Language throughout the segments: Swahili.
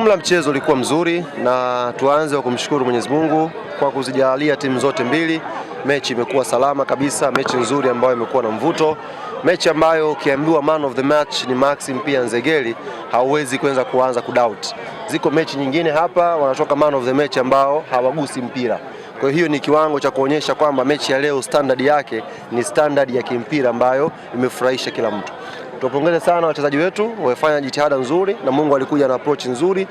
jumla mchezo ulikuwa mzuri, na tuanze wa kumshukuru Mwenyezi Mungu kwa kuzijalia timu zote mbili. Mechi imekuwa salama kabisa, mechi nzuri ambayo imekuwa na mvuto, mechi ambayo ukiambiwa man of the match ni Maxim pia Nzegeli hauwezi kuenza kuanza kudoubt. Ziko mechi nyingine hapa wanatoka man of the match ambao hawagusi mpira. Kwa hiyo ni kiwango cha kuonyesha kwamba mechi ya leo standard yake ni standard ya kimpira ambayo imefurahisha kila mtu. Tuwapongeze sana wachezaji wetu, wamefanya jitihada nzuri na Mungu alikuja na approach nzuri.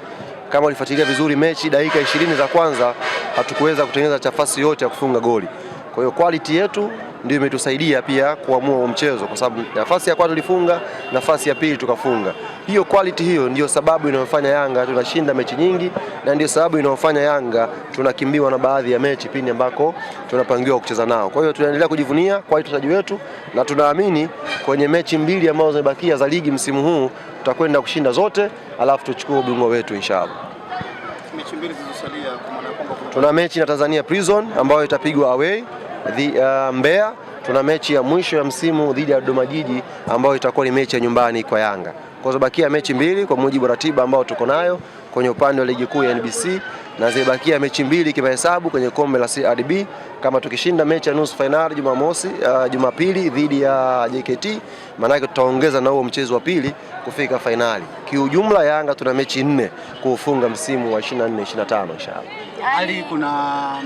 Kama ulifuatilia vizuri mechi, dakika 20 za kwanza hatukuweza kutengeneza nafasi yote ya kufunga goli. Kwa hiyo quality yetu ndio imetusaidia pia kuamua mchezo, kwa sababu nafasi ya kwanza tulifunga, nafasi ya pili tukafunga. Hiyo quality hiyo ndiyo sababu inayofanya Yanga tunashinda mechi nyingi, na ndio sababu inayofanya Yanga tunakimbiwa na baadhi ya mechi pindi ambako tunapangiwa kucheza nao. Kwa hiyo tunaendelea kujivunia kwa wachezaji wetu na tunaamini kwenye mechi mbili ambazo zimebakia za ligi msimu huu tutakwenda kushinda zote, alafu tuchukue ubingwa wetu inshallah. Mechi mbili zilizosalia, tuna mechi na Tanzania Prison ambayo itapigwa away the, uh, Mbeya tuna mechi ya mwisho ya msimu dhidi ya Dodoma Jiji ambayo itakuwa ni mechi ya nyumbani kwa Yanga. Kwa zibakia mechi mbili kwa mujibu wa ratiba ambayo tuko nayo kwenye upande wa ligi kuu ya NBC na zimebakia mechi mbili kimahesabu kwenye kombe la CRDB. Kama tukishinda mechi ya nusu fainali Jumamosi, uh, Jumapili dhidi ya JKT, maanake tutaongeza na huo mchezo wa pili kufika fainali kiujumla Yanga tuna mechi nne kuufunga msimu wa 24 25 inshallah. Hali kuna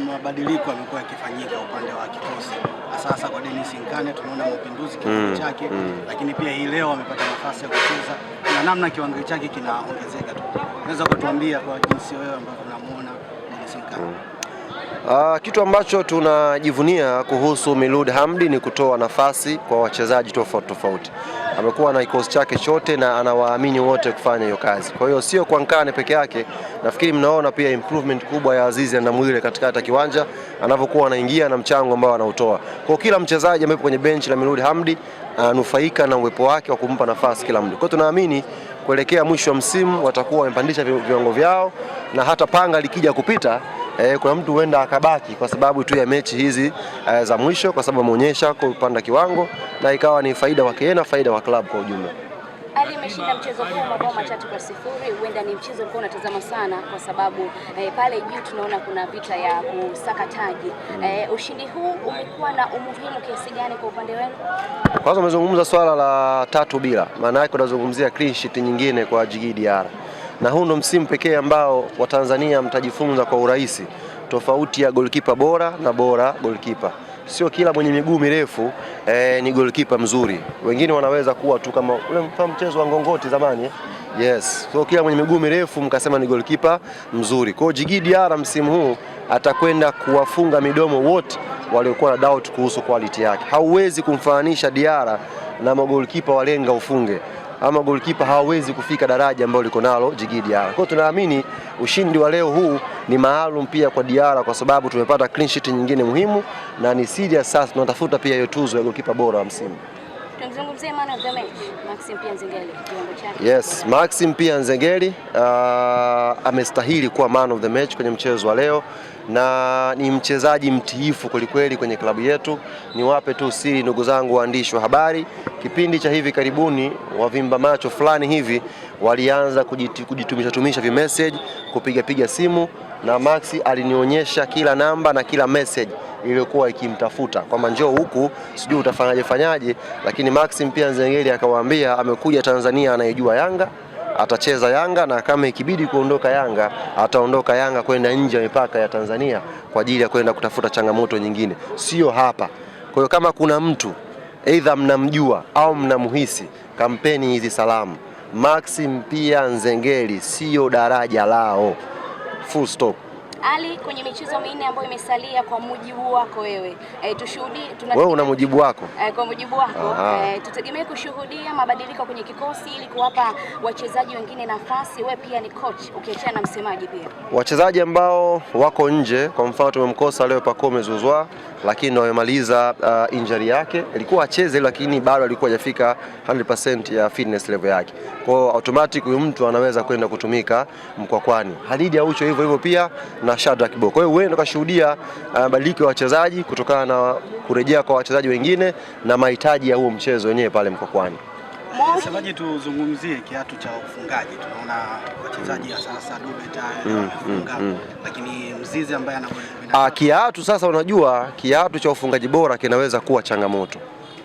mabadiliko yamekuwa yakifanyika upande wa kikosi sasa kwa Dennis Nkane tunaona mapinduzi kiwango mm, chake mm. Lakini pia hii leo amepata nafasi ya kucheza na namna kiwango chake kinaongezeka tu, unaweza kutuambia kwa jinsi wewe ambavyo unamuona Dennis Nkane mm. Uh, kitu ambacho tunajivunia kuhusu milud Hamdi ni kutoa nafasi kwa wachezaji tofauti tofauti. Amekuwa na kikosi chake chote na anawaamini wote kufanya hiyo kazi. Kwa hiyo sio kwa Nkane peke yake, nafikiri mnaona pia improvement kubwa ya Azizi na Mwile katikati ya kiwanja anavyokuwa anaingia na mchango ambao anautoa. Kwa kila mchezaji ambaye kwenye benchi la milud Hamdi anufaika na uwepo wake wa kumpa nafasi kila mtu. Kwa hiyo tunaamini kuelekea mwisho wa msimu watakuwa wamepandisha viwango vyao na hata panga likija kupita e, kuna mtu huenda akabaki kwa sababu tu ya mechi hizi e, za mwisho, kwa sababu ameonyesha kupanda kiwango na ikawa ni faida kwake yeye na faida kwa klabu kwa ujumla. Ali ameshinda mchezo huu mabao matatu kwa sifuri. Huenda ni mchezo ulikuwa unatazama sana kwa sababu eh, pale juu tunaona kuna vita ya kusaka taji eh, ushindi huu umekuwa na umuhimu kiasi gani kwa upande wenu? Kwanza umezungumza swala la tatu bila, maana yake unazungumzia clean sheet nyingine kwa Djigui Diarra na huu ndo msimu pekee ambao Watanzania mtajifunza kwa urahisi tofauti ya golkipa bora na bora golkipa. Sio kila mwenye miguu mirefu e, ni golkipa mzuri. Wengine wanaweza kuwa tu kama ule mchezo wa ngongoti zamani. Eh. Yes, so kila mwenye miguu mirefu mkasema ni golkipa mzuri. Kwa hiyo Djigui Diarra msimu huu atakwenda kuwafunga midomo wote waliokuwa na doubt kuhusu quality yake. Hauwezi kumfananisha Diarra na magolikipa walenga ufunge ama goalkeeper hawawezi kufika daraja ambalo liko nalo Djigui Diarra. Kwa tunaamini ushindi wa leo huu ni maalum pia kwa Diarra kwa sababu tumepata clean sheet nyingine muhimu na ni serious sasa tunatafuta pia hiyo tuzo ya goalkeeper bora wa msimu. Yes, Maxim pia Nzengeli uh, amestahili kuwa man of the match kwenye mchezo wa leo na ni mchezaji mtiifu kwelikweli kwenye klabu yetu. Niwape tu siri, ndugu zangu waandishi wa habari, kipindi cha hivi karibuni wavimba macho fulani hivi walianza kujitumisha tumisha kupiga kupigapiga simu na Maxi alinionyesha kila namba na kila message iliyokuwa ikimtafuta kwamba njoo huku sijui utafanyaje fanyaje, lakini Maxim pia Nzengeli akawaambia amekuja Tanzania, anaijua Yanga atacheza Yanga na kama ikibidi kuondoka Yanga ataondoka Yanga kwenda nje ya mipaka ya Tanzania kwa ajili ya kwenda kutafuta changamoto nyingine, sio hapa. Kwa hiyo kama kuna mtu aidha mnamjua au mnamhisi, kampeni hizi salamu Maxim pia Nzengeli sio daraja lao, full stop. Ali, kwenye michezo minne ambayo imesalia kwa mujibu wako wewe, e, eh, tushuhudie wewe una mujibu wako e, kwa mujibu wako e, tutegemee kushuhudia mabadiliko kwenye kikosi ili kuwapa wachezaji wengine nafasi. Wewe pia ni coach, ukiachana na msemaji, pia wachezaji ambao wako nje, kwa mfano tumemkosa leo Pako umezuzwa lakini ndio amemaliza uh, injury yake, ilikuwa acheze lakini bado alikuwa hajafika 100% ya fitness level yake, kwa automatic huyu mtu anaweza kwenda kutumika mkwakwani. Hadidi Aucho hivyo hivyo pia na na Shadrack Bo. Kwa hiyo wewe ndo kashuhudia uh, mabadiliko uh, ya wachezaji kutokana na kurejea kwa wachezaji wengine na mahitaji ya huo mchezo wenyewe pale Mkokwani. Mchezaji, tuzungumzie kiatu cha ufungaji. Tunaona wachezaji mm. sasa mm. mm. mm. lakini Mzizi ambaye anakwenda ah, kiatu sasa, unajua kiatu cha ufungaji bora kinaweza kuwa changamoto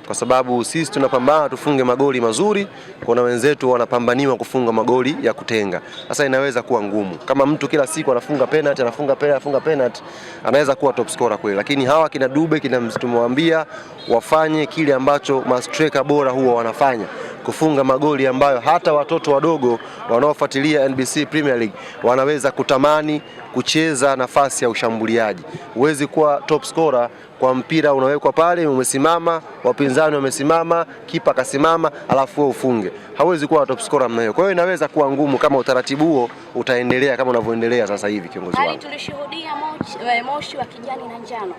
kwa sababu sisi tunapambana tufunge magoli mazuri, kuna wenzetu wanapambaniwa kufunga magoli ya kutenga. Sasa inaweza kuwa ngumu kama mtu kila siku anafunga penalty, anafunga penalty, anafunga penalty, anaweza kuwa top scorer kweli, lakini hawa kina Dube kina tumewambia wafanye kile ambacho mastreka bora huwa wanafanya kufunga magoli ambayo hata watoto wadogo wanaofuatilia NBC Premier League wanaweza kutamani kucheza nafasi ya ushambuliaji. Huwezi kuwa top scorer kwa mpira unawekwa pale, umesimama, wapinzani wamesimama, kipa akasimama, alafu wewe ufunge. Hawezi kuwa top scorer mna hiyo. Kwa hiyo inaweza kuwa ngumu kama utaratibu huo utaendelea kama unavyoendelea sasa hivi, kiongozi wangu. tulishuhudia eh, moshi wa kijani na njano.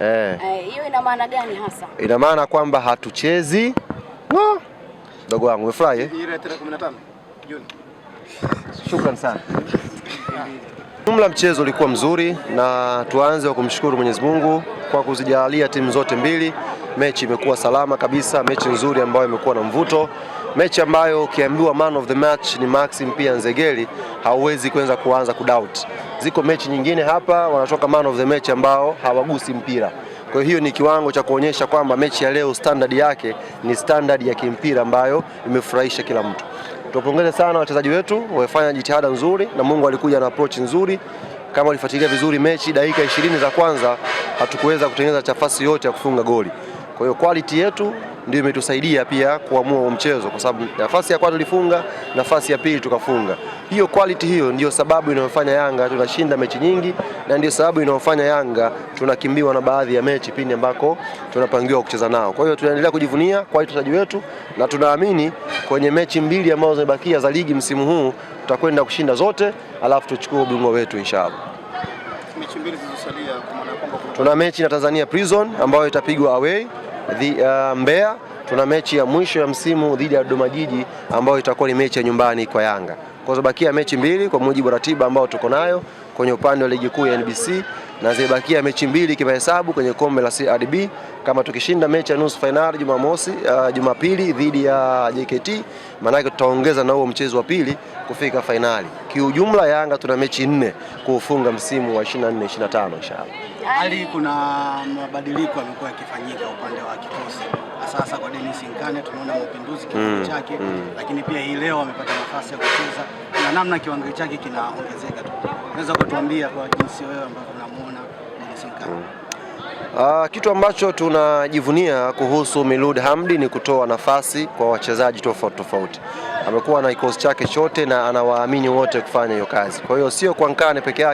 Eh. eh. Hiyo ina maana gani hasa? Ina maana kwamba hatuchezi no. Dogo wangu umefurahi? Eh? Shukran sana. Jumla mchezo ulikuwa mzuri na tuanze kwa kumshukuru Mwenyezi Mungu kwa kuzijalia timu zote mbili. Mechi imekuwa salama kabisa, mechi nzuri ambayo imekuwa na mvuto, mechi ambayo ukiambiwa man of the match ni Maxim pia Nzegeli hauwezi kuanza kuanza kudoubt. Ziko mechi nyingine hapa wanatoka man of the match ambao hawagusi mpira. Kwa hiyo ni kiwango cha kuonyesha kwamba mechi ya leo standard yake ni standard ya kimpira ambayo imefurahisha kila mtu. Tuwapongeze sana wachezaji wetu, wamefanya jitihada nzuri na Mungu alikuja na approach nzuri. Kama ulifuatilia vizuri mechi, dakika 20 za kwanza hatukuweza kutengeneza nafasi yote ya kufunga goli. Kwa hiyo quality yetu ndio imetusaidia pia kuamua mchezo, kwa sababu nafasi ya kwanza tulifunga, nafasi ya pili tukafunga. Hiyo quality hiyo ndiyo sababu inayofanya Yanga tunashinda mechi nyingi, na ndio sababu inayofanya Yanga tunakimbiwa na baadhi ya mechi pindi ambako tunapangiwa kucheza nao. Kwa hiyo tunaendelea kujivunia kwa wachezaji wetu na tunaamini kwenye mechi mbili ambazo zimebakia za ligi msimu huu tutakwenda kushinda zote, alafu tuchukue ubingwa wetu inshallah. Mechi mbili zilizosalia, tuna mechi na Tanzania Prison ambayo itapigwa away the, uh, Mbeya tuna mechi ya mwisho ya msimu dhidi ya Dodoma Jiji ambayo itakuwa ni mechi ya nyumbani kwa Yanga. Kwa sababu mechi mbili kwa mujibu wa ratiba ambayo tuko nayo kwenye upande wa ligi kuu ya NBC na zimebakia mechi mbili kimahesabu kwenye kombe la CRDB. Kama tukishinda mechi ya nusu fainali Jumamosi, uh, Jumapili dhidi ya JKT, maanake tutaongeza na huo mchezo wa pili kufika fainali. Kiujumla Yanga tuna mechi nne kuufunga msimu wa 24 25 inshallah. Hali kuna mabadiliko yamekuwa yakifanyika upande wa kikosi sasa kwa Dennis Nkane tunaona mapinduzi kiwango mm, chake mm, mm, lakini pia hii leo amepata nafasi ya kucheza na namna kiwango chake kinaongezeka tu unaweza kutuambia kwa jinsi wewe ambavyo unamuona Uh, kitu ambacho tunajivunia kuhusu milud Hamdi ni kutoa nafasi kwa wachezaji tofauti tofauti. Amekuwa na kikosi chake chote na anawaamini wote kufanya hiyo kazi, kwa hiyo sio kwa Nkane peke yake.